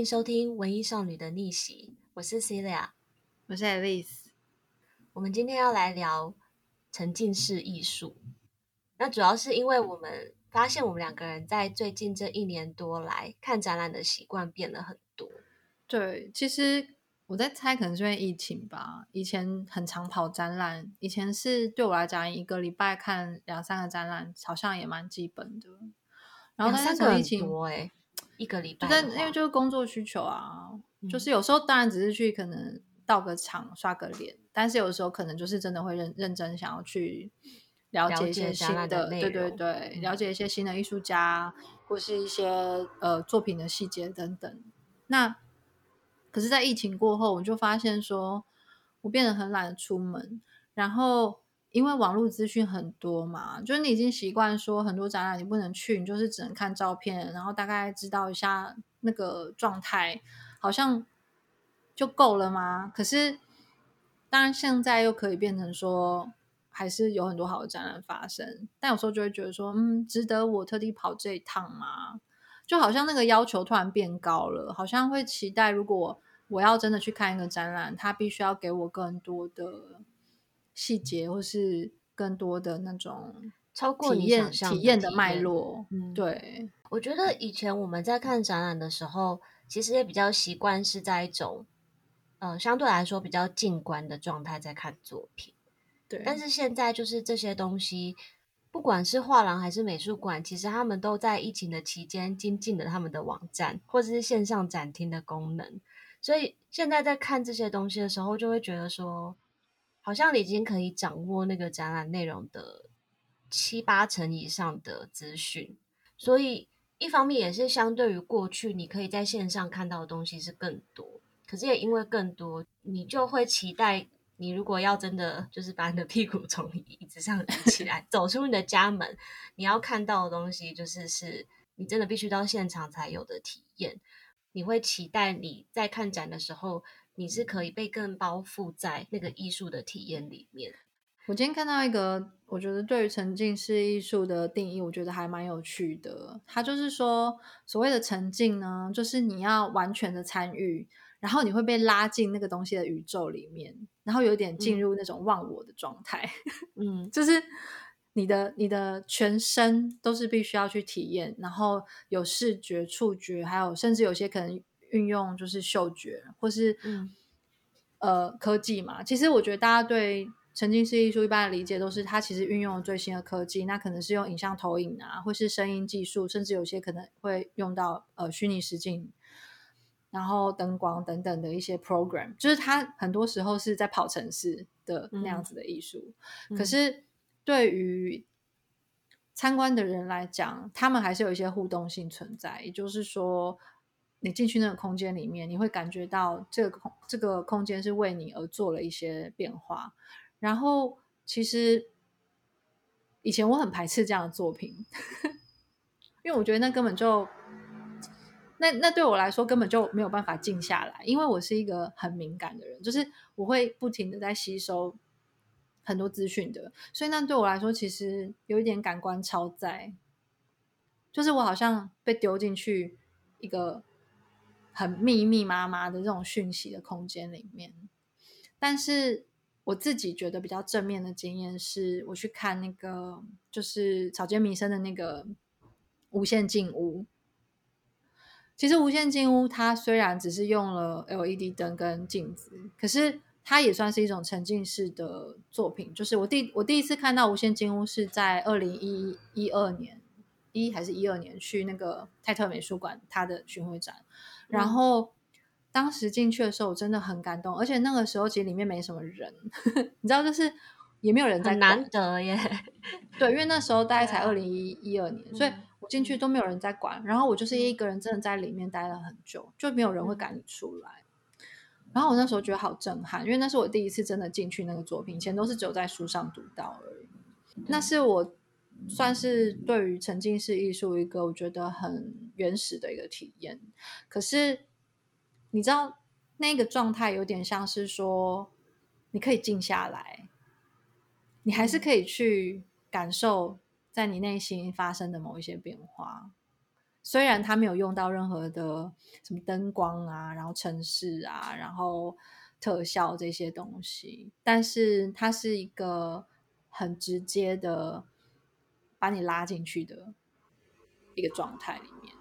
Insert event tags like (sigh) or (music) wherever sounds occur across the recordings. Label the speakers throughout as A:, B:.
A: 歡迎收聽文藝少女的逆襲，我是 Celia，我是 Liz。我們今天要來聊沉浸式藝術，那主要是因為我們發現
B: 我們兩個人在最近這一年多來看展覽的習慣變了很多。對，其實我在猜，可能是因為疫情吧。以前很常跑展覽，以前是對我來講，一個禮拜看兩三個展覽，好像也蠻基本的。然後，三個疫情哎。一個禮拜，但因為就是工作需求啊，嗯、就是有時候當然只是去可能到個場刷個臉，但是有時候可能就是真的會認認真真想要去了解一些新的，的對對對，了解一些新的藝術家、嗯、或是一些呃作品的細節等等。那可是，在疫情過後，我就發現說我變得很懶得出門，然後。因為網路資訊很多嘛，就是你已經習慣說很多展覽你不能去，你就是只能看照片，然後大概知道一下那個狀態，好像就夠了嘛？可是，當然現在又可以變成說，還是有很多好的展覽發生，但有時候就會覺得說，嗯，值得我特地跑這一趟嘛？就好像那個要求突然變高了，好像會期待，如果我要真的去看一個展覽，他必須要給我更多的。細節，或是更多的那種超過你想象的體，驗體驗的脈絡。嗯、
A: 對，我覺得以前我們在看展覽的時候，其實也比較習慣是在一種，呃，相對來說比較靜觀的狀態在看作品。對。但是現在就是這些東西，不管是畫廊還是美術館，其實他們都在疫情的期間精進，進了他們的網站或者是，是線上展廳的功能。所以現在在看這些東西的時候，就會覺得說。好像你已經可以掌握那個展覽內容的七八成以上的資訊，所以一方面也是相對於過去，你可以在線上看到的東西是更多。可是也因為更多，你就會期待，你如果要真的就是把你的屁股從椅子上拎起來，走出你的家門，你要看到的東西就是是你真的必須到現場才有的體驗。你會期待你在看展的時候。你是可以被更包覆在那個藝術的體驗裡
B: 面。我今天看到一個，我覺得對於沉浸式藝術的定義，我覺得還蠻有趣的。它就是說，所謂的沉浸呢，就是你要完全的參與，然後你會被拉進那個東西的宇宙裡面，然後有點進入那種忘我的狀態。嗯， (laughs) 就是你的你的全身都是必須要去體驗，然後有視覺、觸覺，還有甚至有些可能。運用就是嗅覺，或是、嗯、呃科技嘛。其實我覺得大家對沉浸式藝術一般的理解都是，它其實運用最新的科技，那可能是用影像投影啊，或是聲音技術，甚至有些可能會用到呃虛擬實境，然後燈光等等的一些 program。就是它很多時候是在跑程式的那樣子的藝術。嗯、可是對於參觀的人來講，他們還是有一些互動性存在，也就是說，你進去那個空間裡面，你會感覺到這個空，這個空間是為你而做了一些變化。然後，其實以前我很排斥這樣的作品，呵呵，因為我覺得那根本就，那那對我來說根本就沒有辦法靜下來，因為我是一個很敏感的人，就是我會不停的在吸收很多資訊的，所以那對我來說其實有一點感官超載，就是我好像被丟進去一個。很密密麻麻的這種訊息的空間裡面，但是我自己覺得比較正面的經驗是，我去看那個就是草間彌生的那個《無限鏡屋》。其實《無限鏡屋》它雖然只是用了 LED 燈跟鏡子，可是它也算是一種沉浸式的作品。就是我第我第一次看到《無限鏡屋》是在二零一一二年一還是一二年去那個泰特美術館它的巡迴展。嗯、然後當時進去的時候，我真的很感動，而且那個時候其實裡面沒什麼人，呵呵你知道，就是也沒有人在管。難得耶。 (laughs) 對，因為那時候大概才二零一一二年，嗯、所以我進去都沒有人在管，然後我就是一個人真的在裡面待了很久，就沒有人會趕你出來。嗯、然後我那時候覺得好震撼，因為那是我第一次真的進去那個作品，以前都是只有在書上讀到而已。對那是我。算是對於沉浸式藝術一個我覺得很原始的一個體驗。可是你知道那個狀態有點像是說，你可以靜下來，你還是可以去感受在你內心發生的某一些變化。雖然它沒有用到任何的什麼燈光啊，然後城市啊，然後特效這些東西，但是它是一個很直接的。把你拉進去的一個狀態裡面。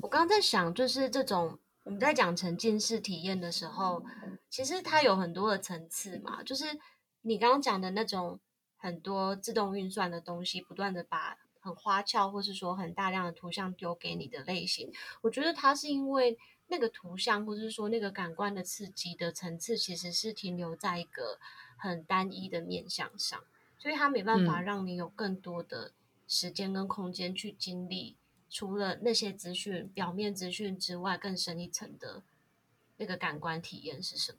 B: 我剛剛在想，就是這種
A: 我們在講沉浸式體驗的時候，其實它有很多的層次嘛。就是你剛剛講的那種很多自動運算的東西，不斷的把很花俏或是說很大量的圖像丟給你的類型，我覺得它是因為那個圖像或是說那個感官的刺激的層次，其實是停留在一個很單一的面向上。所以它沒辦法讓你有更多的時間跟空間去經歷，除了那些資訊、表面資訊之外，更深一層的那個感官體驗是什麼？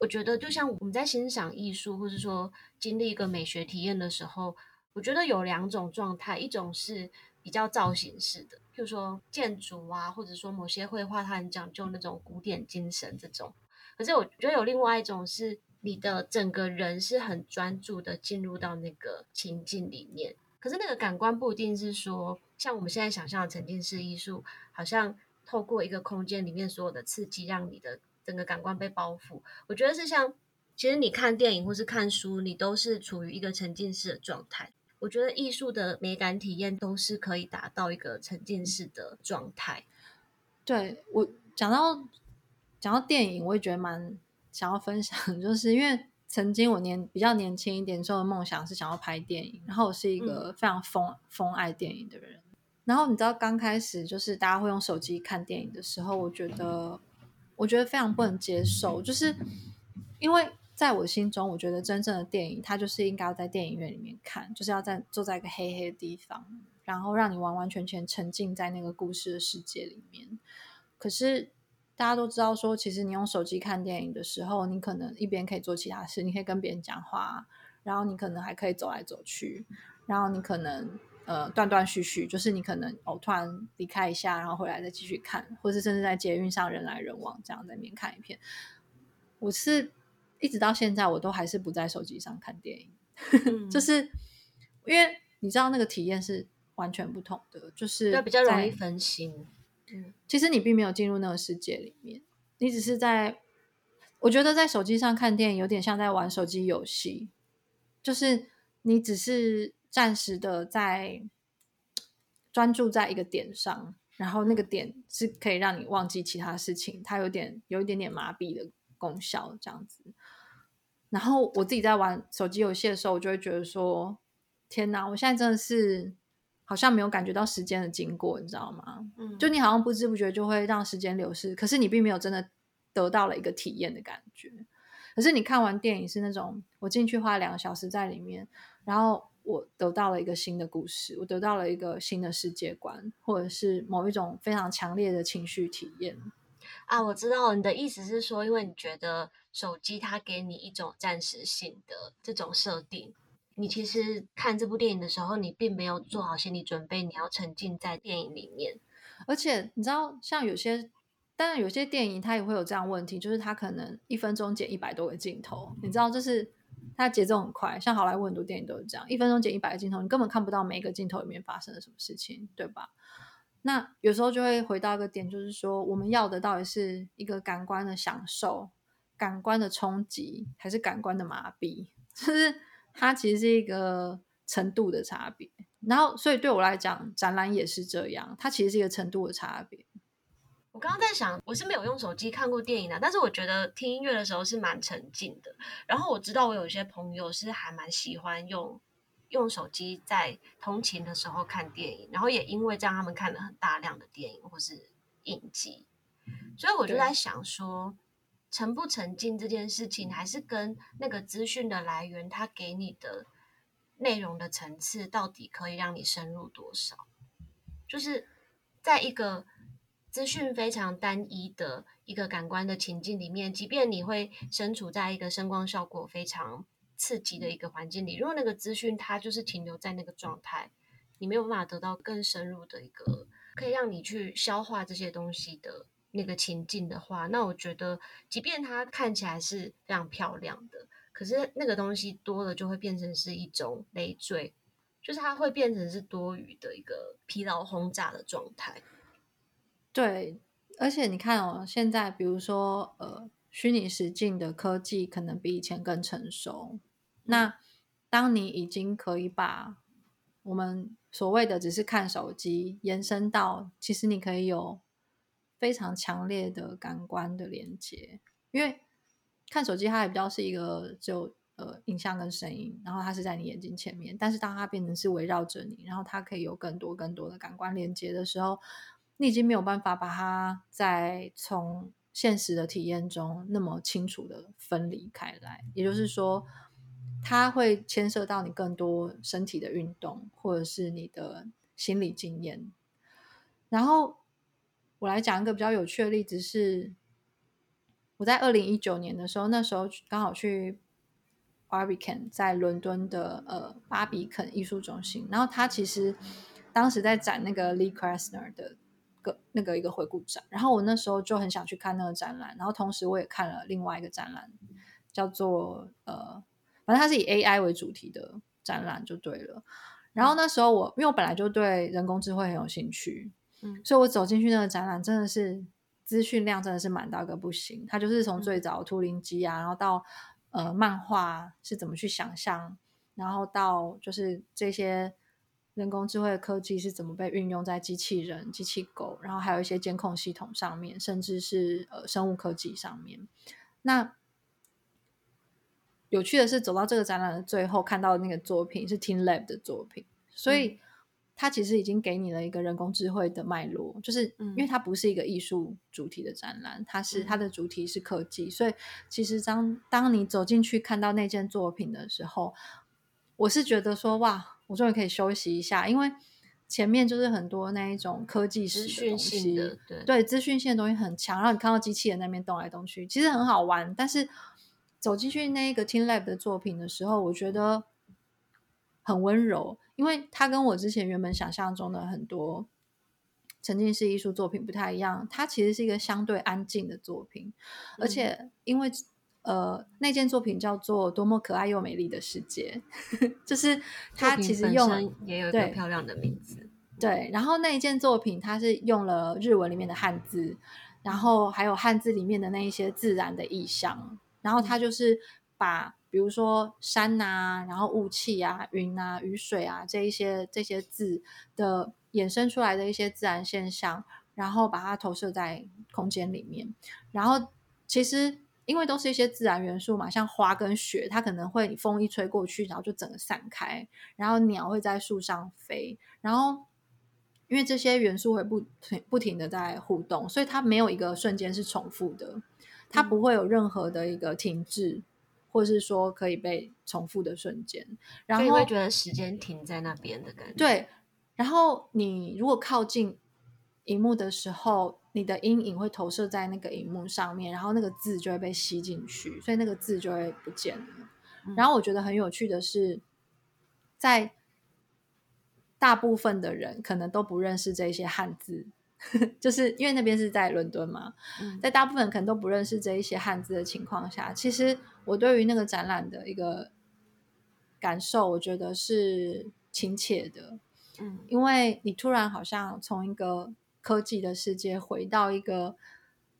A: 我覺得，就像我們在欣賞藝術，或是說經歷一個美學體驗的時候，我覺得有兩種狀態，一種是比較造型式的，譬如說建築啊，或者說某些繪畫，它很講究那種古典精神這種。可是我覺得有另外一種是。你的整個人是很專注的進入到那個情境裡面，可是那個感官不一定是說像我們現在想象的沉浸式藝術，好像透過一個空間裡面所有的刺激，讓你的整個感官被包覆。我覺得是像，其實你看電影或是看書，你都是處於一個沉浸式的狀態。我覺得藝術的美感體驗
B: 都是可以達到一個沉浸式的狀態。對，我講到講到電影，我也覺得蠻。想要分享，就是因為曾經我年比較年輕一點的時候的夢想是想要拍電影，然後我是一個非常瘋、嗯、瘋愛電影的人。然後你知道剛開始就是大家會用手機看電影的時候，我覺得我覺得非常不能接受，就是因為在我心中，我覺得真正的電影它就是應該要在電影院裡面看，就是要在坐在一個黑黑的地方，然後讓你完完全全沉浸在那個故事的世界裡面。可是。大家都知道，說其實你用手機看電影的時候，你可能一邊可以做其他事，你可以跟別人講話，然後你可能還可以走來走去，然後你可能呃斷斷續續，就是你可能偶、哦、突然離開一下，然後回來再繼續看，或是甚至在捷運上人來人往這樣在裡面看一片。我是一直到現在，我都還是不在手機上看電影，嗯、 (laughs) 就是因為你知道那個體驗是完全不同的，就是對比較容易分心。其實你並沒有進入那個世界裡面，你只是在，我覺得在手機上看電影有點像在玩手機遊戲，就是你只是暫時的在專注在一個點上，然後那個點是可以讓你忘記其他事情，它有點有一點點麻痹的功效這樣子。然後我自己在玩手機遊戲的時候，我就會覺得說，天哪，我現在真的是。好像沒有感覺到時間的經過，你知道嗎？嗯，就你好像不知不覺就會讓時間流逝，可是你並沒有真的得到了一個體驗的感覺。可是你看完電影是那種，我進去花兩個小時在裡面，然後我得到了一個新的故事，我得到了一個新的世界觀，或者是某一種非常強烈的情緒體驗。
A: 啊，我知道你的意思是說，因為你覺得手機它給你一種暫時性的這種設定。你其實看這部電影的時候，你並沒有做好心理準備，你要沉浸在電影裡面。
B: 而且你知道，像有些，當然有些電影它也會有這樣的問題，就是它可能一分鐘剪一百多個鏡頭，你知道，就是它節奏很快。像好萊塢很多電影都是這樣，一分鐘剪一百個鏡頭，你根本看不到每一個鏡頭裡面發生了什麼事情，對吧？那有時候就會回到一個點，就是說，我們要的到底是一個感官的享受、感官的衝擊，還是感官的麻痹？就是。它其實是一個程度的差別，然後所以對我來講，展覽也是這樣，它其實是一個程度的差別。
A: 我剛剛在想，我是沒有用手機看過電影的，但是我覺得聽音樂的時候是蠻沉浸的。然後我知道我有些朋友是還蠻喜歡用用手機在通勤的時候看電影，然後也因為這樣，他們看了很大量的電影或是影集，所以我就在想說。嗯沉不沉浸這件事情，還是跟那個資訊的來源，它給你的內容的層次，到底可以讓你深入多少？就是在一個資訊非常單一的一個感官的情境裡面，即便你會身處在一個聲光效果非常刺激的一個環境裡，如果那個資訊它就是停留在那個狀態，你沒有辦法得到更深入的一個，可以讓你去消化這些東西的。那個情境的話，那我覺得，即便它看起來是非常漂亮的，可是那個東西多了就會變成是一種累贅，就是它會變成是多餘的一個疲勞轟炸的狀態。
B: 對，而且你看哦，現在比如說呃，虛擬實境的科技可能比以前更成熟，那當你已經可以把我們所謂的只是看手機，延伸到其實你可以有。非常強烈的感官的連接，因為看手機，它也比較是一個就呃影像跟聲音，然後它是在你眼睛前面。但是，當它變成是圍繞着你，然後它可以有更多更多的感官連接的時候，你已經沒有辦法把它再從現實的體驗中那麼清楚地分離開來。也就是說，它會牽涉到你更多身體的運動，或者是你的心理經驗，然後。我來講一個比較有趣的例子是，我在二零一九年的時候，那時候剛好去，Barbican 在倫敦的呃巴比肯藝術中心，然後他其實當時在展那個 Lee Krasner 的個那個一個回顧展，然後我那時候就很想去看那個展覽，然後同時我也看了另外一個展覽，叫做呃，反正它是以 AI 為主題的展覽就對了，然後那時候我因為我本來就對人工智慧很有興趣。嗯，所以，我走進去那個展覽，真的是資訊量真的是滿大個，不行。它就是從最早的圖靈機啊，然後到呃，漫畫、啊、是怎麼去想象，然後到就是這些人工智慧的科技是怎麼被運用在機器人、機器狗，然後還有一些監控系統上面，甚至是呃生物科技上面。那有趣的是，走到這個展覽的最後，看到的那個作品是 teamLab 的作品，所以。嗯它其實已經給你了一個人工智慧的脈絡，就是因為它不是一個藝術主題的展覽，嗯、它是它的主題是科技，嗯、所以其實當當你走進去看到那件作品的時候，我是覺得說，哇，我終於可以休息一下，因為前面就是很多那一種科技資訊性的，對，對資訊性的東西很強，讓你看到機器人那邊動來動去，其實很好玩，但是走進去那一個 teamLab 的作品的時候，我覺得。很溫柔，因為它跟我之前原本想象中的很多沉浸式藝術作品不太一樣。它其實是一個相對安靜的作品，嗯、而且因為呃，那件作品叫做《多麼可愛又美麗的世界》，就是它其實用也有一個對漂
A: 亮的名字。
B: 對，然後那一件作品，它是用了日文裡面的漢字，然後還有漢字裡面的那一些自然的意象，然後它就是。把比如說山吶、啊，然後霧氣啊、雲啊、雨水啊這一些這些字的衍生出來的一些自然現象，然後把它投射在空間裡面。然後其實因為都是一些自然元素嘛，像花跟雪，它可能會風一吹過去，然後就整個散開。然後鳥會在樹上飛。然後因為這些元素會不停不停的在互動，所以它沒有一個瞬間是重複的，它不會有任何的一個停滯。嗯或者是說可以被重複的瞬間，然後你會覺得時間停在那邊的感覺。對，然後你如果靠近熒幕的時候，你的陰影會投射在那個熒幕上面，然後那個字就會被吸進去，所以那個字就會不見了。嗯、然後我覺得很有趣的是，在大部分的人可能都不認識這些漢字。 (laughs) 就是因為那邊是在倫敦嘛，嗯、在大部分可能都不認識這一些漢字的情況下，其實我對於那個展覽的一個感受，我覺得是親切的。嗯、因為你突然好像從一個科技的世界回到一個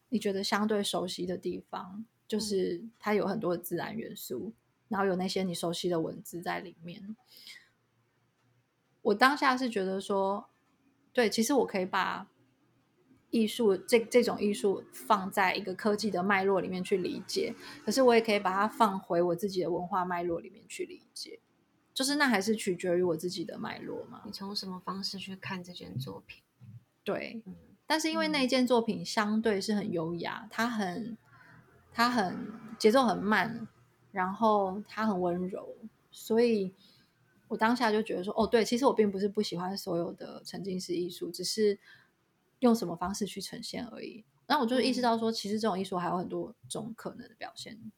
B: 你覺得相對熟悉的地方，就是它有很多的自然元素，嗯、然後有那些你熟悉的文字在裡面。我當下是覺得說，對，其實我可以把。藝術這這種藝術放在一個科技的脈絡裡面去理解，可是我也可以把它放回我自己的文化脈絡裡面去理解，就是那還是取決於我自己的脈絡嘛。你從什麼方式去看這件作品？對，但是因為那一件作品相對是很優雅，它很它很節奏很慢，然後它很溫柔，所以我當下就覺得說，哦，對，其實我並不是不喜歡所有的沉浸式藝術，只是。用什麼方式去呈現而已，那我就意識到說，其實這種藝術還有很多種可能的表現。嗯。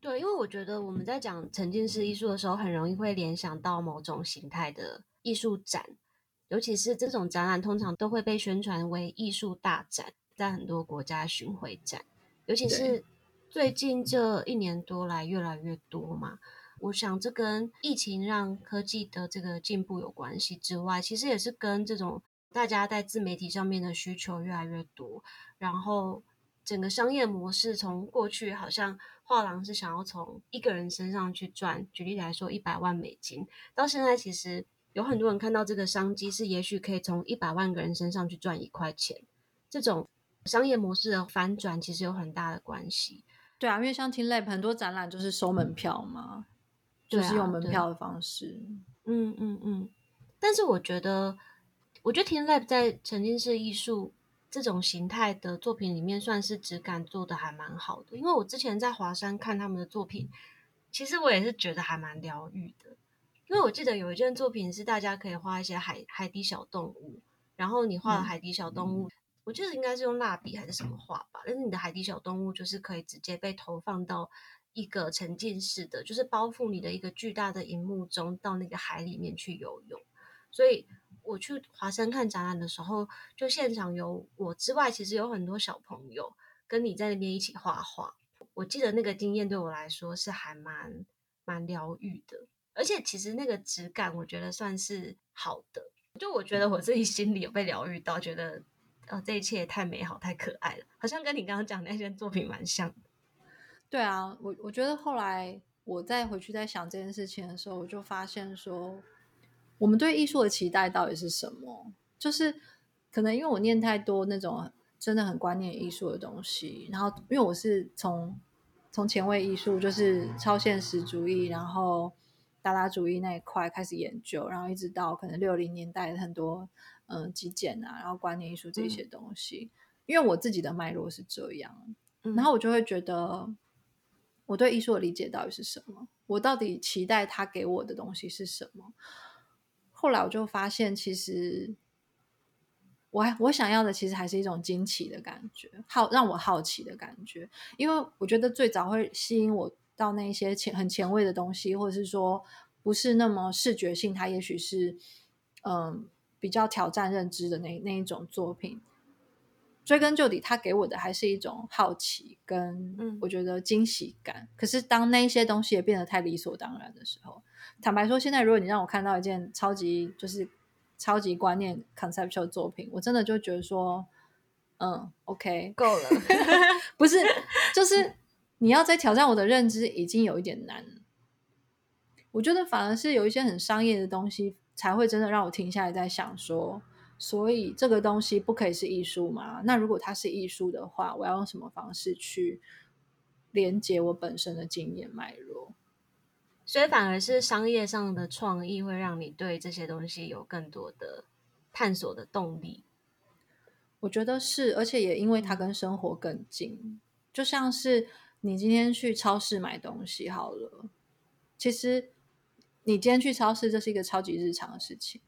A: 對，因為我覺得我們在講沉浸式藝術的時候，很容易會聯想到某種形態的藝術展，尤其是這種展覽通常都會被宣傳為藝術大展，在很多國家巡回展，尤其是最近這一年多來越來越多嘛。對我想，這跟疫情讓科技的這個進步有關係之外，其實也是跟這種。大家在自媒體上面的需求越來越多，然後整個商業模式從過去好像畫廊是想要從一個人身上去賺，舉例來說，一百萬美金，到現在其實有很多人看到這個商機是也許可以從一百萬個人身上去賺一塊錢，這種商業模式
B: 的反轉其實有很大的關係。對啊，因為像 teamLab 很多展覽就是收門票嘛，嗯、就是用門票的方式。啊、嗯嗯嗯，但是我覺得。
A: 我覺得 teamLab 在沉浸式藝術這種形態的作品裡面，算是質感做得還蠻好的。因為我之前在華山看他們的作品，其實我也是覺得還蠻療癒的。因為我記得有一件作品是大家可以畫一些海海底小動物，然後你畫海底小動物，嗯嗯、我覺得應該是用蠟筆還是什麼畫吧，但是你的海底小動物就是可以直接被投放到一個沉浸式的，就是包覆你的一個巨大的熒幕中，到那個海裡面去游泳，所以。我去華山看展覽的時候，就現場有我之外，其實有很多小朋友跟你在那邊一起畫畫。我記得那個經驗對我來說是還蠻蠻療癒的，而且其實那個質感我覺得算是好的，就我覺得我自己心裡有被療癒到，覺得呃、哦、這一切也太美好太可愛了，好像跟你剛剛講那些作品蠻像
B: 的。對啊，我我覺得後來我再回去再想這件事情的時候，我就發現說。我們對藝術的期待到底是什麼？就是可能因為我念太多那種真的很觀念藝術的東西，然後因為我是從從前衛藝術，就是超現實主義，然後達達主義那一塊開始研究，然後一直到可能六零年代很多嗯、呃、極簡啊，然後觀念藝術這些東西，嗯、因為我自己的脈絡是這樣，嗯、然後我就會覺得我對藝術的理解到底是什麼？我到底期待他給我的東西是什麼？後來我就發現，其實我還我想要的其實還是一種驚奇的感覺，好讓我好奇的感覺。因為我覺得最早會吸引我到那些前很前衛的東西，或者是說不是那麼視覺性，它也許是嗯、呃、比較挑戰認知的那那一種作品。追根究底，他給我的還是一種好奇跟我覺得驚喜感。嗯、可是當那些東西也變得太理所當然的時候，坦白說，現在如果你讓我看到一件超級就是超級觀念 conceptual 作品，我真的就覺得說，嗯，OK，夠了， (laughs) 不是，就是你要再挑戰我的認知已經有一點難。我覺得反而是有一些很商業的東西才會真的讓我停下來再想說。所以這個東西不可以是藝術嗎？那如果它是藝術的話，我要用什麼方式去連接我本身的經驗脈絡？
A: 所以反而是商業上的創意會讓你對這些東西有更多的
B: 探索的動力。我覺得是，而且也因為它跟生活更近，就像是你今天去超市買東西好了。其實你今天去超市，這是一個超級日常的事情，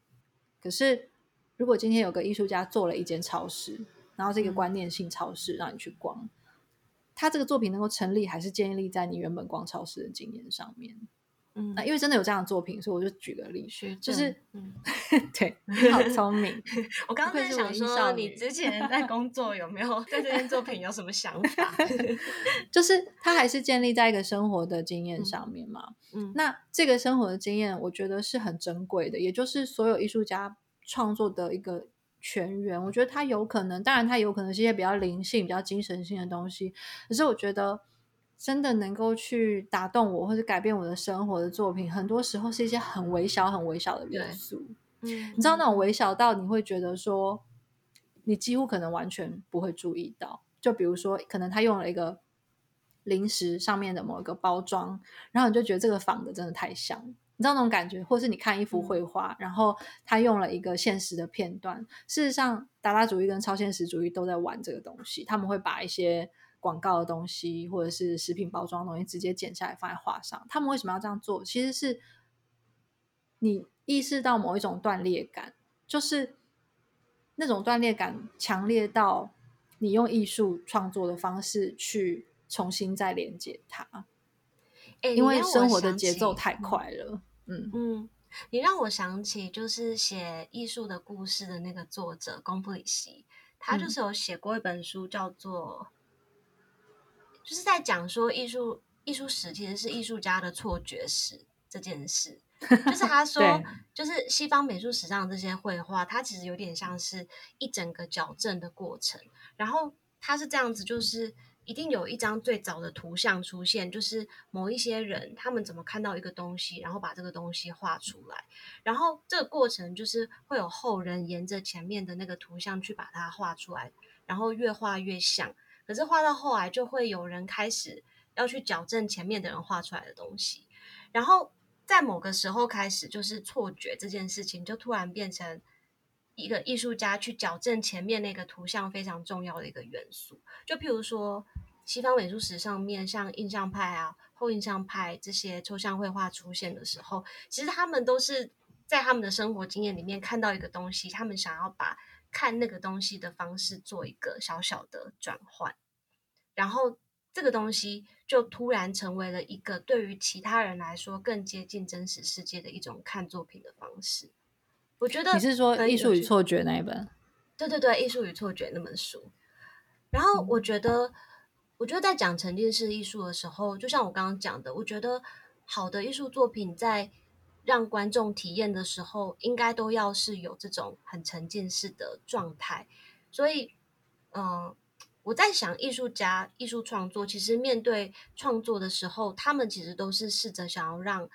B: 可是。如果今天有個藝術家做了一間超市，然後這個觀念性超市，嗯、讓你去逛，嗯、他這個作品能夠成立，還是建立在你原本逛超市的經驗上面？嗯，因為真的有這樣的作品，所以我就舉個例子，就
A: 是，
B: 嗯，嗯 (laughs) 對，你好聰明。 (laughs)
A: 我剛剛在想說，你之前在工作有沒有對這件作品
B: 有什麼想法？ (laughs) 就是他還是建立在一個生活的經驗上面嘛。嗯，嗯，那這個生活的經驗，我覺得是很珍貴的，也就是所有藝術家。創作的一個全員，我覺得他有可能，當然他有可能是一些比較靈性、比較精神性的東西。可是我覺得，真的能夠去打動我或者改變我的生活的作品，很多時候是一些很微小、很微小的元素。嗯，你知道那種微小到你會覺得說，嗯、你幾乎可能完全不會注意到。就比如說，可能他用了一個零食上面的某一個包裝，然後你就覺得這個仿的真的太像。你知道那種感覺，或是你看一幅繪畫，嗯、然後他用了一個現實的片段。事實上，達達主義跟超現實主義都在玩這個東西。他們會把一些廣告的東西，或者是食品包裝的東西直接剪下來放在畫上。他們為什麼要這樣做？其實是你意識到某一種斷裂感，就是那種斷裂感強烈到你用藝術創作的方式去重新再連接它。
A: 因為生活的節奏
B: 太快了，
A: 欸、嗯嗯，你讓我想起就是寫藝術的故事的那個作者貢布里希，他就是有寫過一本書叫做，嗯、就是在講說藝術藝術史其實是藝術家的錯覺史這件事，就是他說 (laughs) 對就是西方美術史上這些繪畫，它其實有點像是一整個矯正的過程，然後他是這樣子就是。嗯一定有一張最早的圖像出現，就是某一些人他們怎麼看到一個東西，然後把這個東西畫出來，然後這個過程就是會有後人沿着前面的那個圖像去把它畫出來，然後越畫越像，可是畫到後來就會有人開始要去矯正前面的人畫出來的東西，然後在某個時候開始就是錯覺這件事情就突然變成。一個藝術家去矯正前面那個圖像非常重要的一個元素，就譬如說，西方美術史上面像印象派啊、後印象派這些抽象繪畫出現的時候，其實他們都是在他們的生活經驗裡面看到一個東西，他們想要把看那個東西的方式做一個小小的轉換，然後這個東西就突然成為了一個對於其他人來說更接近真實世界的一種看作品的方式。我覺得你是說的《藝術與錯覺》那一本？對對對，《藝術與錯覺》那本書。然後我覺得，嗯、我覺得在講沉浸式藝術的時候，就像我剛剛講的，我覺得好的藝術作品在讓觀眾體驗的時候，應該都要是有這種很沉浸式的狀態。所以，嗯、呃，我在想，藝術家藝術創作其實面對創作的時候，他們其實都是試着想要讓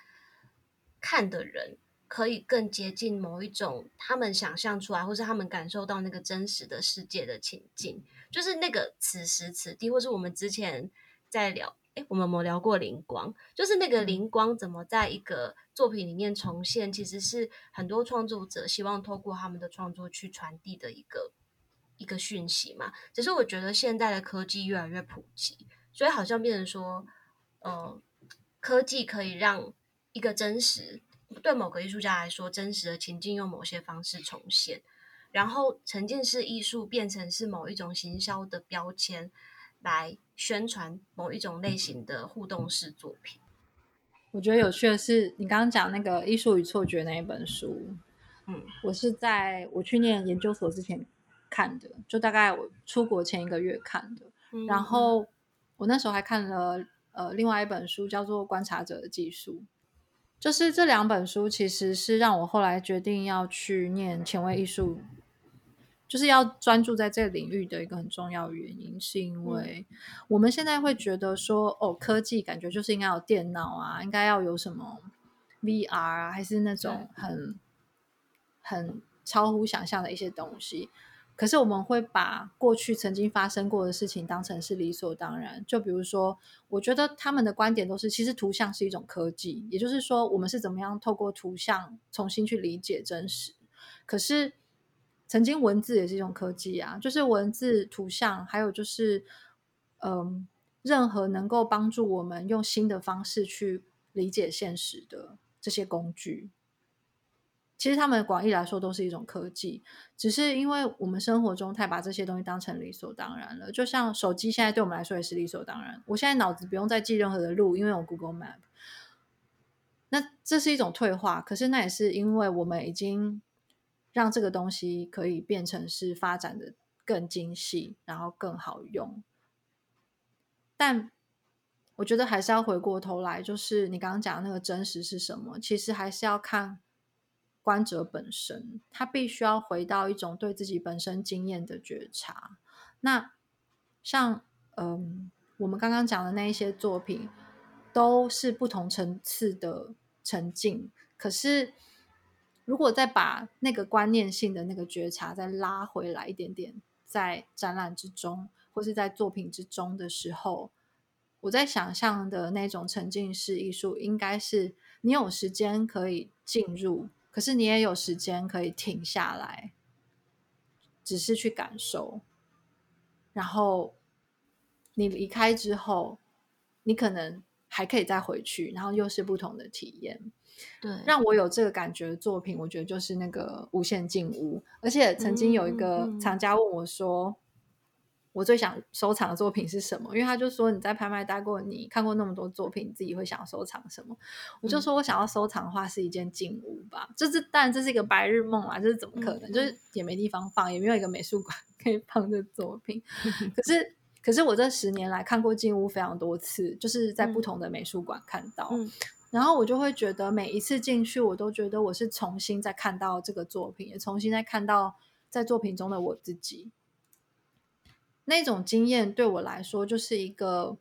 A: 看的人，可以更接近某一種他們想象出來，或是他們感受到那個真實的世界的情境，就是那個此時此地，或是我們之前在聊，誒,我們有沒有聊過靈光？就是那個靈光怎麼在一個作品裡面重現，其實是很多創作者希望透過他們的創作去傳遞的一個一個訊息嘛。只是我覺得現在的科技越來越普及，所以好像變成說，呃，科技可以讓一個真實。對某個藝術家來說，真實的情境用某些方式重現，然後沉浸式藝術變成是某一種行銷的標籤，來宣傳某一種類型的互動式作品。
B: 我覺得有趣的是，你剛剛講那個《藝術與錯覺》那一本書，嗯，我是在我去念研究所之前看的，就大概我出國前一個月看的。嗯。然後我那時候還看了呃另外一本書，叫做《觀察者的技術》。就是這兩本書其實是讓我後來決定要去念前衛藝術，就是要專注在這個領域的一個很重要原因。是因為我們現在會覺得說，哦，科技感覺就是應該有電腦啊，應該要有什麼 VR 啊，還是那種很對很超乎想象的一些東西。可是我們會把過去曾經發生過的事情當成是理所當然。就比如說，我覺得他們的觀點都是，其實圖像是一種科技，也就是說，我們是怎麼樣透過圖像重新去理解真實。可是，曾經文字也是一種科技啊，就是文字、圖像，還有就是，嗯、呃，任何能夠幫助我們用新的方式去理解現實的這些工具。其實他們的廣義來說都是一種科技，只是因為我們生活中太把這些東西當成理所當然了。就像手機現在對我們來說也是理所當然，我現在腦子不用再記任何的路，因為我 Google Map。那這是一種退化，可是那也是因為我們已經讓這個東西可以變成是發展得更精細，然後更好用。但我覺得還是要回過頭來，就是你剛剛講的那個真實是什麼？其實還是要看。觀者本身，他必須要回到一種對自己本身經驗的覺察。那像嗯，我們剛剛講的那一些作品，都是不同層次的沉浸。可是，如果在把那個觀念性的那個覺察再拉回來一點點，在展覽之中或是在作品之中的時候，我在想象的那種沉浸式藝術，應該是你有時間可以進入。可是你也有時間可以停下來，只是去感受。然後你離開之後，你可能還可以再回去，然後又是不同的體驗。對，讓我有這個感覺的作品，我覺得就是那個《無限鏡屋》。而且曾經有一個藏家問我說。嗯嗯嗯我最想收藏的作品是什麼？因為他就說你在拍賣待過，你看過那麼多作品，你自己會想要收藏什麼？我就說我想要收藏的話，是一件《鏡屋》吧。就是當然這是一個白日夢啊，這是怎麼可能？就是也沒地方放，也沒有一個美術館可以放這作品。可是，可是我這十年來看過《鏡屋》非常多次，就是在不同的美術館看到。嗯、然後我就會覺得每一次進去，我都覺得我是重新在看到這個作品，也重新在看到在作品中的我自己。那種經驗對我來說就是一個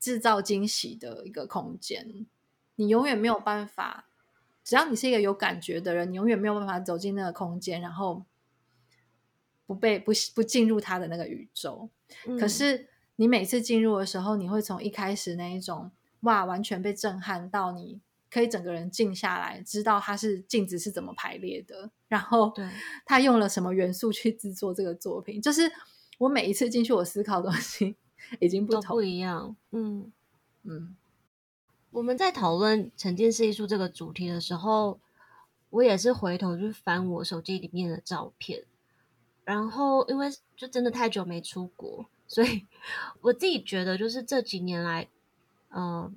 B: 製造驚喜的一個空間。你永遠沒有辦法，只要你是一個有感覺的人，你永遠沒有辦法走進那個空間，然後不被不不進入他的那個宇宙。嗯。可是你每次進入的時候，你會從一開始那一種哇，完全被震撼到你。可以整個人靜下來，知道它是鏡子是怎麼排列的，然後他用了什麼元素去製作這個作品。對就是我每一次進去，我思考的東西已經不同不一樣。嗯嗯，我
A: 們在討論沉浸式藝術這個主題的時候，我也是回頭去翻我手機裡面的照片，然後因為就真的太久沒出國，所以我自己覺得就是這幾年來，嗯、呃。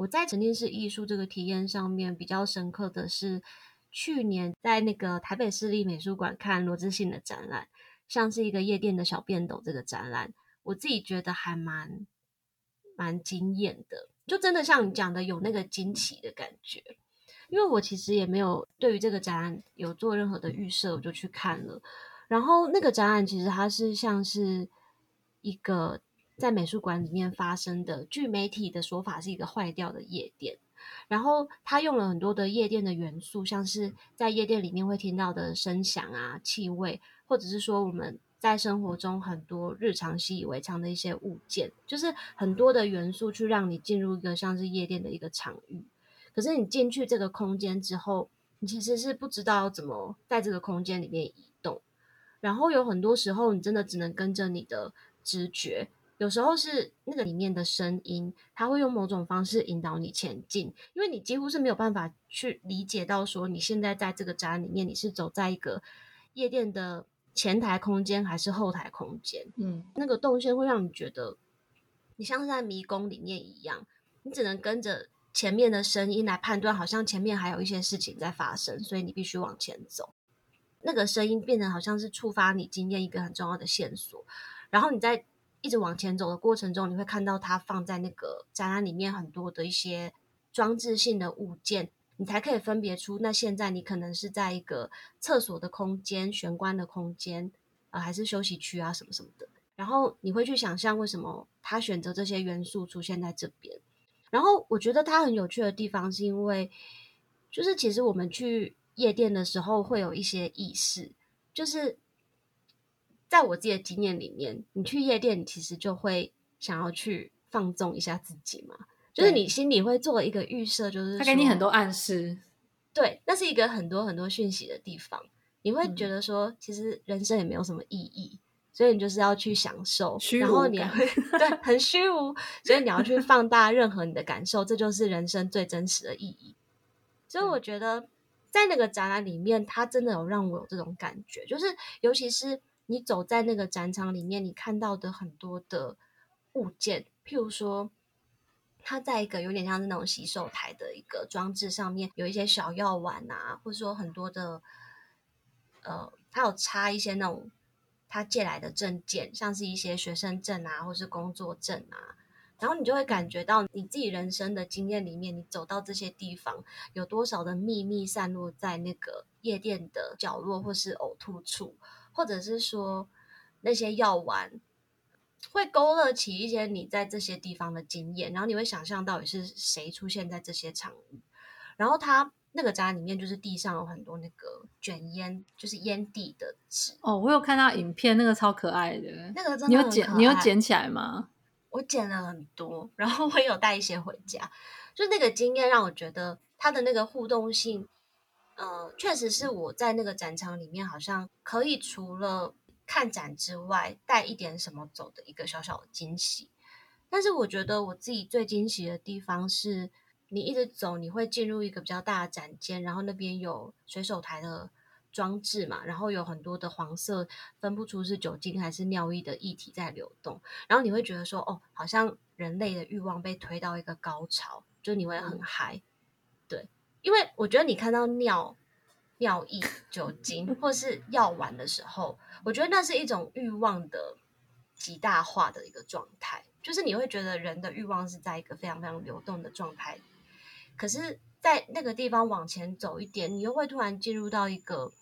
A: 我在沉浸式藝術這個體驗上面比較深刻的是，去年在那個台北市立美術館看羅智信的展覽，像是一個夜店的小便斗這個展覽，我自己覺得還蠻蠻驚艷的，就真的像你講的有那個驚奇的感覺，因為我其實也沒有對於這個展覽有做任何的預設，我就去看了，然後那個展覽其實它是像是一個。在美術館裡面發生的，據媒體的說法，是一個壞掉的夜店。然後他用了很多的夜店的元素，像是在夜店裡面會聽到的聲響啊、氣味，或者是說我們在生活中很多日常習以為常的一些物件，就是很多的元素去讓你進入一個像是夜店的一個場域。可是你進去這個空間之後，你其實是不知道怎麼在這個空間裡面移動。然後有很多時候，你真的只能跟着你的直覺。有時候是那個裡面的聲音，它會用某種方式引導你前進，因為你幾乎是沒有辦法去理解到說你現在在這個展裡面，你是走在一個夜店的前台空間還是後台空間？嗯，那個動線會讓你覺得你像是在迷宮裡面一樣，你只能跟着前面的聲音來判斷，好像前面還有一些事情在發生，所以你必須往前走。那個聲音變成好像是觸發你經驗一個很重要的線索，然後你在。一直往前走的過程中，你會看到它放在那個展覽裡面很多的一些裝置性的物件，你才可以分別出那現在你可能是在一個廁所的空間、玄關的空間，呃，還是休息區啊什麼什麼的。然後你會去想象，為什麼他選擇這些元素出現在這邊。然後我覺得它很有趣的地方是因為，就是其實我們去夜店的時候會有一些儀式，就是。在我自己的經驗裡面，你去夜店，你其實就會想要去放縱一下自己嘛，對就是你心裡會做一個預設，就是他給你很多暗示，對，那是一個很多很多訊息的地方，你會覺得說，其實人生也沒有什麼意義，嗯、所以你就是要去享受，虛無，然後你也會 (laughs) 對很虛無，所以你要去放大任何你的感受， (laughs) 這就是人生最真實的意義。所以我覺得在那個展覽裡面，它真的有讓我有這種感覺，就是尤其是。你走在那個展場裡面，你看到的很多的物件，譬如說，他在一個有點像是那種洗手台的一個裝置上面，有一些小藥丸啊，或者說很多的，呃，他有插一些那種他借來的證件，像是一些學生證啊，或是工作證啊，然後你就會感覺到你自己人生的經驗裡面，你走到這些地方，有多少的秘密散落在那個夜店的角落或是嘔吐處。或者是說那些藥丸會勾勒起一些你在這些地方的經驗，然後你會想象到底是誰出現在這些場域，然後他那個展裡面就是地上有很多那個卷煙，就是煙蒂的紙。
B: 哦，我有看到影片，那個超可愛的，那個真的你有撿，你有撿起來嗎？
A: 我撿了很多，然後我有帶一些回家，就那個經驗讓我覺得它的那個互動性。呃，確實是我在那個展場裡面，好像可以除了看展之外，帶一點什麼走的一個小小的驚喜。但是我覺得我自己最驚喜的地方是，你一直走，你會進入一個比較大的展間，然後那邊有水手台的裝置嘛，然後有很多的黃色，分不出是酒精還是尿液的液體在流動，然後你會覺得說，哦，好像人類的慾望被推到一個高潮，就你會很嗨、嗯，對。因為我覺得你看到尿、尿液、酒精或是藥丸的時候， (laughs) 我覺得那是一種欲望的極大化的一個狀態，就是你會覺得人的欲望是在一個非常非常流動的狀態。可是，在那個地方往前走一點，你又會突然進入到一個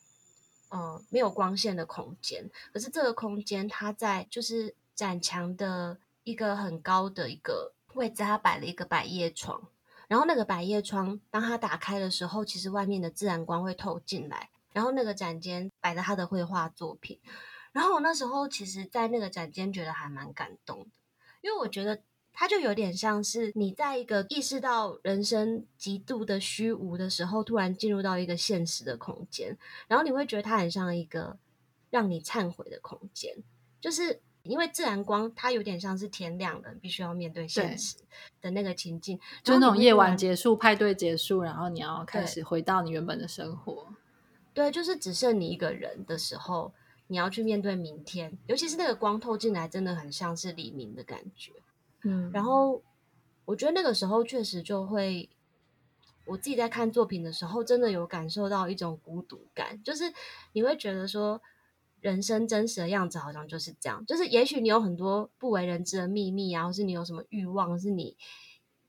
A: 嗯、呃、沒有光線的空間。可是這個空間它在就是展牆的一個很高的一個位置，它擺了一個百葉窗。然後那個百葉窗，當它打開的時候，其實外面的自然光會透進來。然後那個展間擺着他的繪畫作品。然後我那時候其實，在那個展間覺得還蠻感動的，因為我覺得它就有點像是你在一個意識到人生極度的虛無的時候，突然進入到一個現實的空間，然後你會覺得它很像一個讓你懺悔的空間，就是。因為自然光，它有點像是天亮了，你必須要面對現實的那個情境，對你那就那種夜晚
B: 結束，派對結束，然後你要開始回到你原本的生活。
A: 對，就是只剩你一個人的時候，你要去面對明天。尤其是那個光透進來，真的很像是黎明的感覺。嗯，然後我覺得那個時候確實就會，我自己在看作品的時候，真的有感受到一種孤獨感，就是你會覺得說。人生真實的樣子好像就是這樣，就是也許你有很多不為人知的秘密啊，或是你有什麼慾望，是你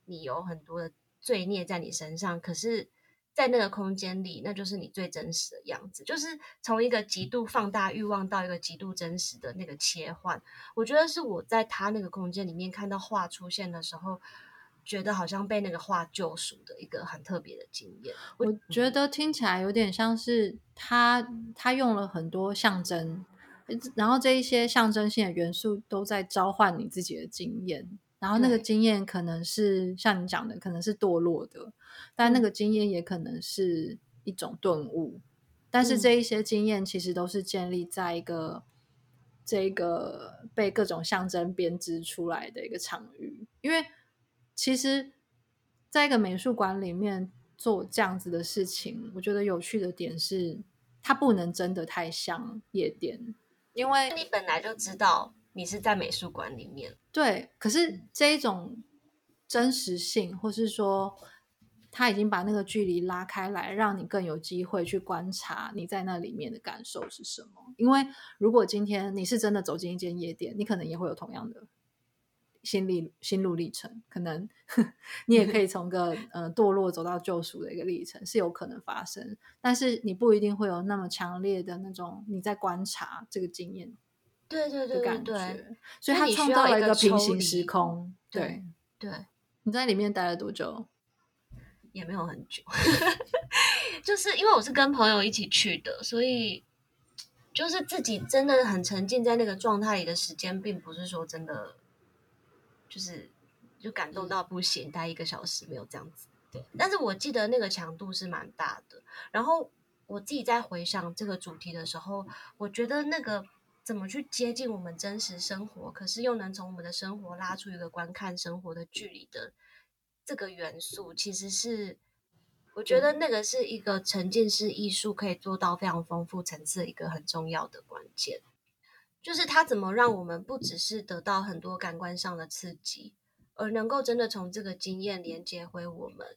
A: 你有很多的罪孽在你身上，可是，在那個空間裡，那就是你最真實的樣子，就是從一個極度放大慾望到一個極度真實的那個切換。我覺得是我在他那個空間裡面看到畫出現的時候。覺得好像被那個畫救
B: 贖的一個很特別的經驗。我，我覺得聽起來有點像是他他用了很多象徵，然後這一些象徵性的元素都在召喚你自己的經驗，然後那個經驗可能是對像你講的，可能是墮落的，但那個經驗也可能是一種頓悟，但是這一些經驗其實都是建立在一個、嗯、這一個被各種象徵編織出來的一個場域，因為。其實，在一個美術館裡面做這樣子的事情，我覺得有趣的點是，它不能真的太像夜店，
A: 因為你本來就知道你是在美術館裡面。
B: 對，可是這一種真實性，或是說，他已經把那個距離拉開來，讓你更有機會去觀察你在那裡面的感受是什麼。因為如果今天你是真的走進一間夜店，你可能也會有同樣的。心歷心路歷程，可能你也可以從個 (laughs) 呃，墮落走到救贖的一個歷程，是有可能發生，但是你不一定會有那麼強烈的那種你在觀察這個經驗。對，對對對，感覺。所以他創造了一個平行時空，對對，對，你在裡面待了多久？
A: 也沒有很久， (laughs) 就是因為我是跟朋友一起去的，所以就是自己真的很沉浸在那個狀態裡的時間，並不是說真的。就是就感動到不行，待、嗯、一個小時沒有這樣子。對，但是我記得那個強度是蠻大的。然後我自己在回想這個主題的時候，我覺得那個怎麼去接近我們真實生活，可是又能從我們的生活拉出一個觀看生活的距離的這個元素，其實是我覺得那個是一個沉浸式藝術可以做到非常豐富層次的一個很重要的關鍵。就是它怎麼讓我們不只是得到很多感官上的刺激，而能夠真的從這個經驗連接回我們，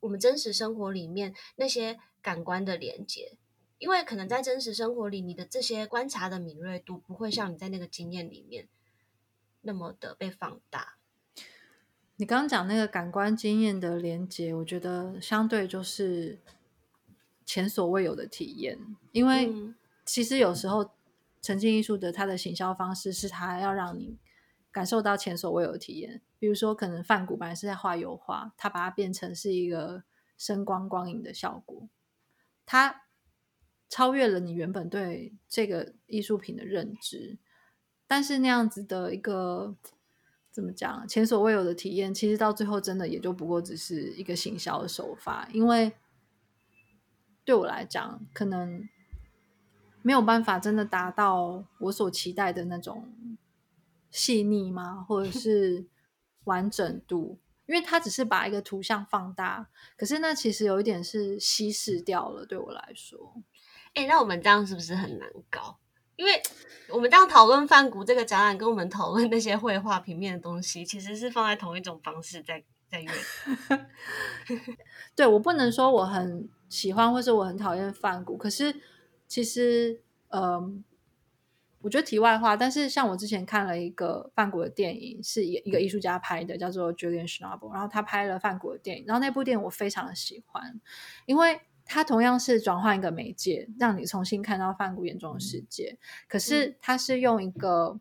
A: 我們真實生活裡面那些感官的連接。因為可能在真實生活裡，你的這些觀察的敏銳度不會像你在那個經驗裡面
B: 那麼的被放大。你剛剛講那個感官經驗的連接，我覺得相對就是前所未有的體驗，因為其實有時候、嗯。沉浸藝術的它的行銷方式是，它要讓你感受到前所未有的體驗。比如說，可能梵谷本來是在畫油畫，他把它變成是一個聲光光影的效果，它超越了你原本對這個藝術品的認知。但是那樣子的一個怎麼講，前所未有的體驗，其實到最後真的也就不過只是一個行銷的手法。因為對我來講，可能。沒有辦法真的達到我所期待的那種細膩嗎？或者是完整度？ (laughs) 因為它只是把一個圖像放大，可是那其實有一點是稀釋掉了。對我來說，哎、欸，那我們這樣是不是很難搞？因為我們這樣討論梵谷這個展覽，跟我們討論那
A: 些繪畫平面的東西，其實是放在同一種方式在在用。
B: (laughs) (laughs) 對，我不能說我很喜歡或是我很討厭梵谷，可是。其實，嗯、呃，我覺得題外話。但是，像我之前看了一個梵谷的電影，是一一個藝術家拍的，叫做 Julian Schnabel。然後他拍了梵谷的電影，然後那部電影我非常的喜歡，因為他同樣是轉換一個媒介，讓你重新看到范谷眼中的世界。可是，他是用一個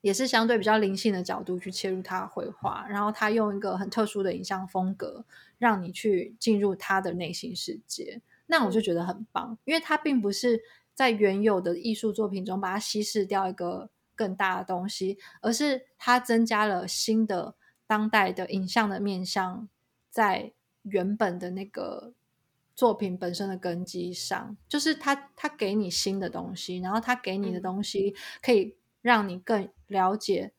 B: 也是相對比較靈性的角度去切入他的繪畫，然後他用一個很特殊的影像風格，讓你去進入他的內心世界。那我就覺得很棒，嗯，因為它並不是在原有的藝術作品中把它稀釋掉一個更大的東西，而是它增加了新的當代的影像的面向，在原本的那個作品本身的根基上，就是它它給你新的東西，然後它給你的東西可以讓你更了解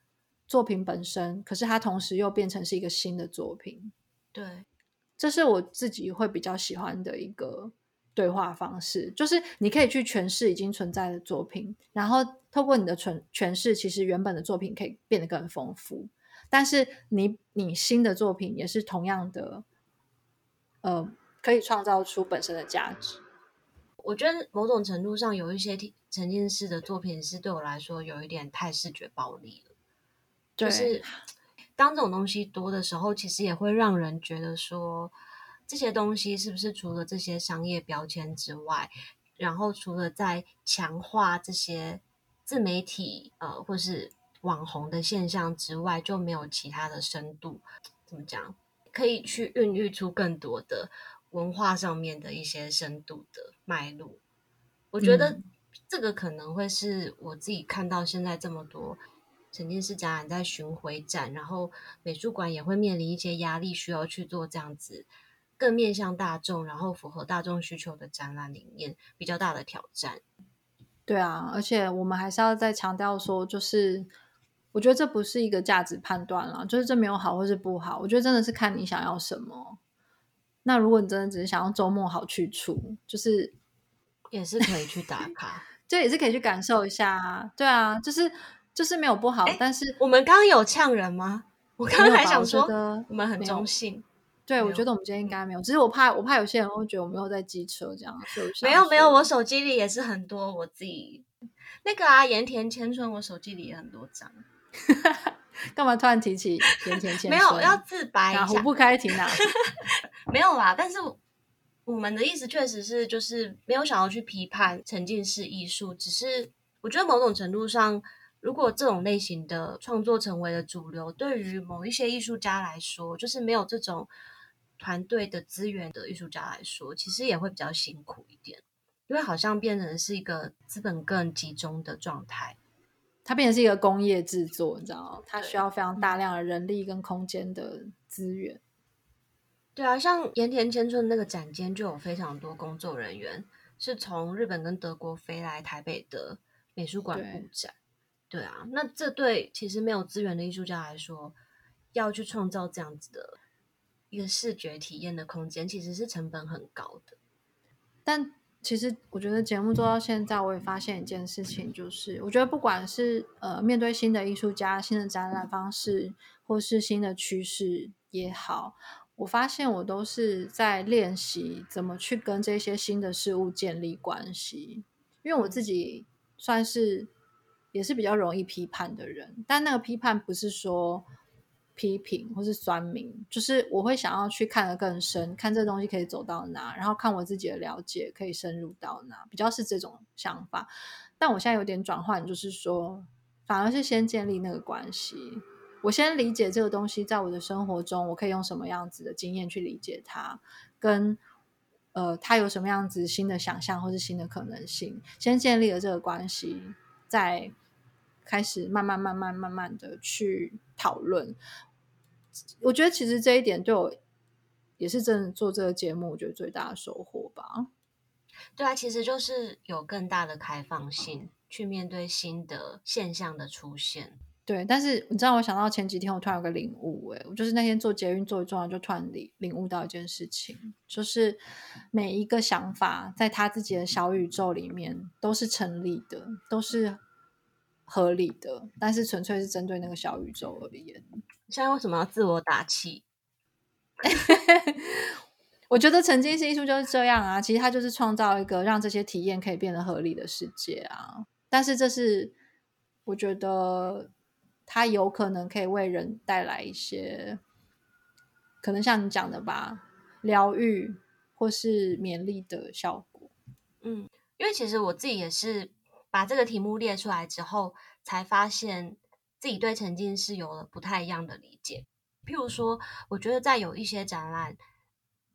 B: 作品本身，可是它同時又變成是一個新的作品，對。這是我自己會比較喜歡的一個對話方式，就是你可以去詮釋已經存在的作品，然後透過你的詮詮釋，其實原本的作品可以變得更豐富。但是你你新的作品也是同樣的，呃，可以創造出本身的價值。我覺得某種
A: 程度上有一些沉浸式的作品是對我來說有一點太視覺暴力了，對就是。當這種東西多的時候，其實也會讓人覺得說，這些東西是不是除了這些商業標籤之外，然後除了在強化這些自媒體呃，或是網紅的現象之外，就沒有其他的深度？怎麼講？可以去孕育出更多的文化上面的一些深度的脈絡。我覺得這個可能會是我自己看到現在這麼多。肯定是展覽在巡迴展，然後美術館也會面臨一些壓力，需要去做這樣子更面向大眾，然後符合大眾需求的展覽，裡面比較大的挑戰。
B: 對啊，而且我們還是要再強調說，就是我覺得這不是一個價值判斷啦，就是這沒有好或是不好，我覺得真的是看你想要什麼。那如果你真的只是想要周末好去處，就是也是可以去打卡，這 (laughs) 也是可以去感受一下啊。對啊，就是。就是沒有不好，誒但是我們剛剛有嗆人嗎？我剛剛還想說，我，我們很中性。有有對，有我覺得我們今天應該沒有。沒有，只是我怕，我怕有些人會覺得我沒有在機車這樣。沒有沒有，我手機裡也
A: 是很多我自己那個啊，鹽田千春，我手機裡也很多張。
B: 幹 (laughs) 嘛突然提起鹽田千春？ (laughs) 沒有要自白，哪壺不開提哪壺啊？
A: (laughs) 沒有啦，但是我們的意思確實是，就是沒有想要去批判沉浸式藝術，只是我覺得某種程度上。如果這種類型的創作成為了主流，對於某一些藝術家來說，就是沒有這種團隊的資源的藝術家來說，其實也會比較辛苦一點，因為好像變成是一個資本更集中的狀態，
B: 它變成是一個工業制作，你知道嗎？對它需要非常大量的人力跟空間的資源。對
A: 啊，像鹽田千春那個展間就有非常多工作人員是從日本跟德國飛來台北的美術館布展。對啊，那這對其實沒有資源的藝術家來說，要去創造這樣子的一個視覺體驗的空間，其實是成本很高的。
B: 但其實我覺得節目做到現在，我也發現一件事情，就是我覺得不管是呃面對新的藝術家、新的展覽方式，或是新的趨勢也好，我發現我都是在練習怎麼去跟這些新的事物建立關係，因為我自己算是。也是比較容易批判的人，但那個批判不是說批評或是酸民，就是我會想要去看得更深，看這個東西可以走到哪，然後看我自己的了解可以深入到哪，比較是這種想法。但我現在有點轉換，就是說反而是先建立那個關係，我先理解這個東西在我的生活中，我可以用什麼樣子的經驗去理解它，跟呃它有什麼樣子新的想象或是新的可能性，先建立了這個關係，再。開始慢慢、慢慢、慢慢的去討論，我覺得其實這一點對我也是真的做這個節目，我覺得最大的收穫吧。
A: 對啊，其實就是有更大的開放性去面對新的現象的出現。嗯、
B: 對，但是你知道，我想到前幾天，我突然有個領悟、欸，哎，我就是那天坐捷運坐的，重要就突然領、領悟到一件事情，就是每一個想法在他自己的小宇宙裡面都是成立的，都是。合理的，但是純粹是針對那個小宇宙而言。
A: 現在為什麼要自我打氣？
B: (laughs) 我覺得沉浸式藝術就是這樣啊，其實它就是創造一個讓這些體驗可以變得合理的世界啊。但是這是我覺得它有可能可以為人帶來一些，可能像你講的吧，療癒或是勉勵的效果。嗯，
A: 因為其實我自己也是。把這個題目列出來之後，才發現自己對沉浸式有了不太一樣的理解。譬如說，我覺得在有一些展覽，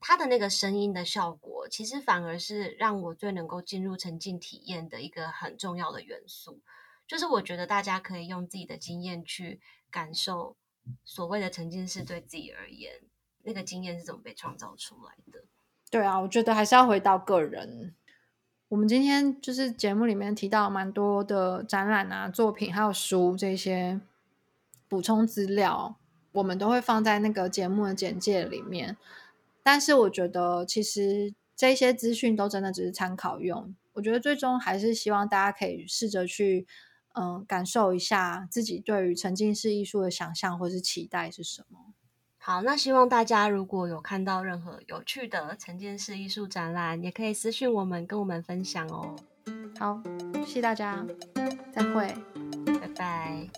A: 它的那個聲音的效果，其實反而是讓我最能夠進入沉浸體驗的一個很重要的元素。就是我覺得大家可以用自己的經驗去感受所謂的沉浸式，對自己而言，那個經驗是怎麼被創造出來的。
B: 對啊，我覺得還是要回到個人。我們今天就是節目裡面提到蠻多的展覽啊、作品，還有書這些補充資料，我們都會放在那個節目的簡介裡面。但是我覺得，其實這些資訊都真的只是參考用。我覺得最終還是希望大家可以試着去，嗯、呃，感受一下自己對於沉浸式藝術的想象或是期待是什麼。好，那希望大家如果有看到
A: 任何有趣的沉浸式藝術展覽，也可以私訊我們跟我們分享哦。
B: 好，謝謝大家，
A: 再會，拜拜。